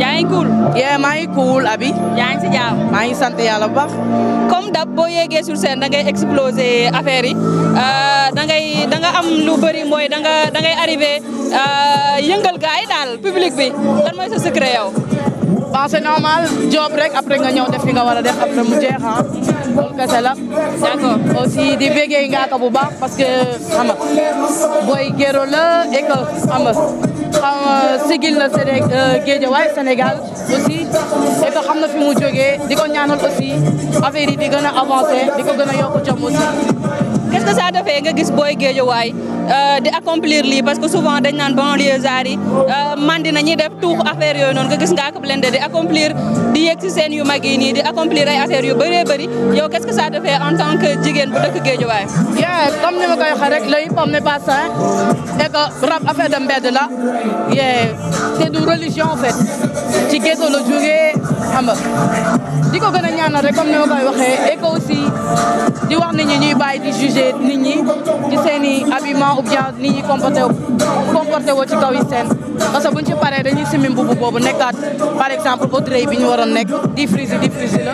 yaa ngi cool. maa ngi cool Abi. yaa ngi maa ngi sant yàlla bu baax. comme dab boo yéegee sur scène da ngay exploser affaire yi euh, da ngay da am lu bëri mooy da nga da ngay arrivé euh, yëngal gars yi daal public bi lan mooy secret yow. waaw normal job rek après nga ñëw def fi nga war a def après mu jeex ah loolu kese la aussi di béggee ngaa bu baax parce que booy géro la et xam sigil na Sénégal Guédiawaye Sénégal aussi et que xam na fi mu jógee di ko ñaanal aussi affaire yi di gën a avancé di ko gën a yokk jom aussi est-ce que ça nga gis booy géejuwaay euh, di accomplir li parce que souvent dañ naan banlieusards yi euh, man dina ñuy def tuux affaire yooyu noonu nga gis nga Blindé di accomplir di yegg seen yu mag yi nii di accomplir ay yu bëree bëri yow qu'est-ce que ça te fait en tant que jigéen bu dëkk géejuwaay. yeah comme ni ma koy waxee rek le hip hop n'est pas sain affaire de mbedd la yeah c'est du religion en ci ghetto la jógee xam di ko gën a ñaanal rek comme ni ma koy waxee jàppale nit ñi ci seen i habillement ou bien nit ñi woo ci kaw yi seen parce que buñ ci paree dañuy simi mbubu boobu nekkaat par exemple audrey bi ñu waroon nekk di frise di frise la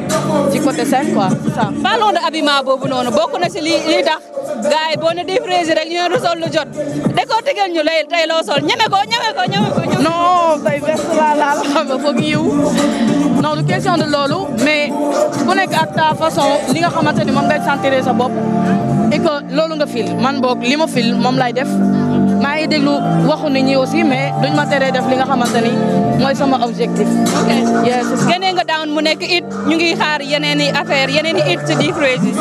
ci côté seen quoi ça parlons de habillement boobu noonu bokk na si li li tax gars yi di frise rek ñu ne du lu jot de ko tegal ñu lay tey loo ñeme ko ñeme ko ñeme ko foog yiw non du question de loolu mais ku nekk ak ta façon li nga xamante ni moom ngay sentir sa bopp et loolu nga fil man boog li ma fil moom lay def maa ngi déglu waxu nit ñi aussi mais duñ ma tere def li nga xamante ni mooy sama objectif. ok yes génnee nga daan mu nekk it ñu ngi xaar yeneen i affaire yeneen i it ci di Crazy.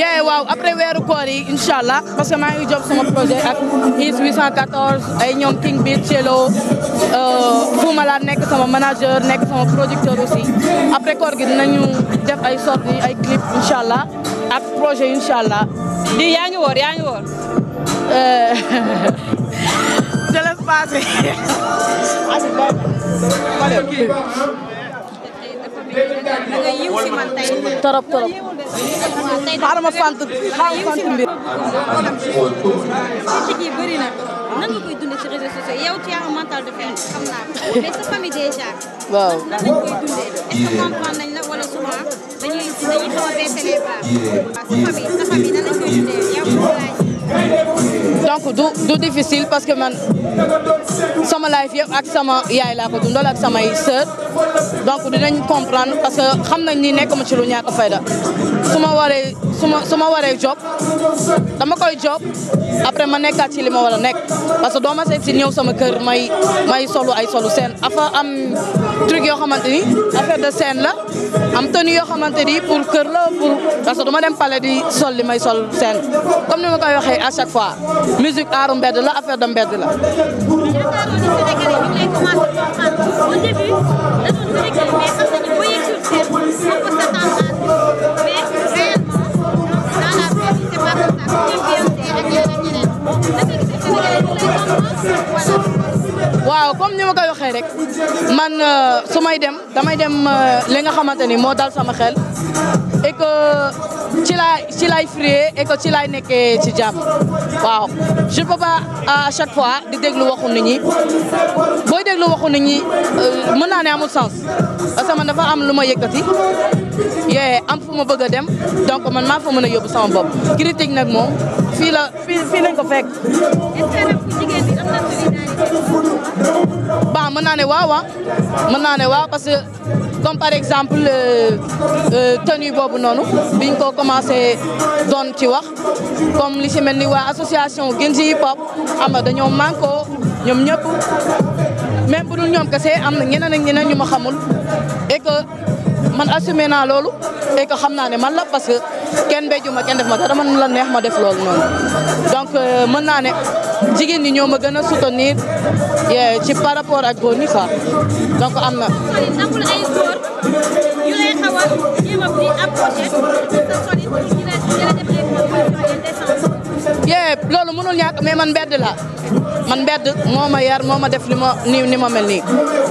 yee waaw après weeru koor yi incha allah parce que maa ngi job sama projet ak IS 814 ay ñoom King Beat Cello euh, Moussa nekk sama manager nekk sama producteur aussi après koor gi dinañu def ay sorties ay clip incha allah ak projet incha allah. di yaa ngi woor yaa ngi woor. je euh, torop. xaaral ma sant xaaral ma sant mbir. yi bëri na nan nga koy dundee ci réseaux sociaux xam naa ko mais sa famille déjà. waaw nan lañ koy dundee est-ce que comprendre nañ la wala souvent dañuy dañuy xaw a baisser les bras. sa famille donc du du difficile parce que man sama life yëpp ak sama yaay laa ko dundal ak samay sœur donc dinañ comprendre parce que xam nañ ni nekkuma ci lu ñàkk fayda su ma su ma su ma waree job dama koy job après ma nekkaat ci li ma war a nekk parce que doo ma si ñëw sama kër may may solu ay solu seen afa am truc yoo xamante ni affaire de scène la am tenue yoo xamante ni pour kër la pour parce que du ma dem palais di sol li may sol scène comme ni ma koy waxee à chaque fois musique aaru mbedd la affaire de mbedd la waaw comme ni ma koy rek man euh, su may dem damay dem euh, li nga xamante ni moo dal sama xel et ci laay ci laay frier et ci laay nekkee ci jàmm waaw je peux pas chaque fois di déglu waxu nit ñi booy déglu waxu nit ñi euh, mën naa ne amul sens parce que man dafa am lu ma yëkkati yee am fu ma bëgg a dem donc man maa fa mën a yóbbu sama bopp critique nag moom fii la fii fii lañ ko fekk. ba mën naa ne waaw waaw mën naa ne waaw parce que comme par exemple euh, euh, tenue boobu noonu biñ ko commencé doon ci wax comme li ci mel ni waa association Genji hip hop am na dañoo manko ñoom ñëpp même bu dul ñoom kese am na ñeneen ak ñu ma xamul man assumé naa loolu et xam naa ne man la parce que kenn béju ma kenn def ma dara man la neex ma def loolu noonu donc euh, mën naa ne jigéen ñi ñoo ma gën a soutenir ci par rapport ak góor ñi quoi donc am na. yee loolu mënul ñàkk mais man mbedd la man mbedd moo ma yar moo ma def li ma ni ni ma mel nii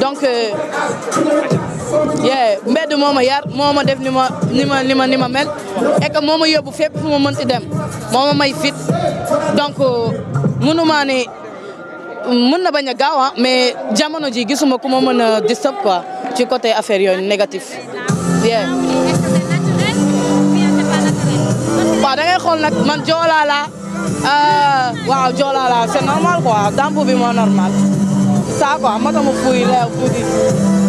donc. Euh, doxee mbedd moo ma yar moo ma def ni ma ni ma ma ni ma mel et que moo ma fépp fu ma mënti dem moo may fit donc mënumaa ni mën na bañ a gaaw ah mais jamono ji gisuma ku ma mën a disturb quoi ci côté affaire yooyu négatif yeah waaw da nag man joolaa laa euh, waaw joolaa laa c'est normal quoi dampu bi moo normal ça quoi ma tamu fuy leew fuudi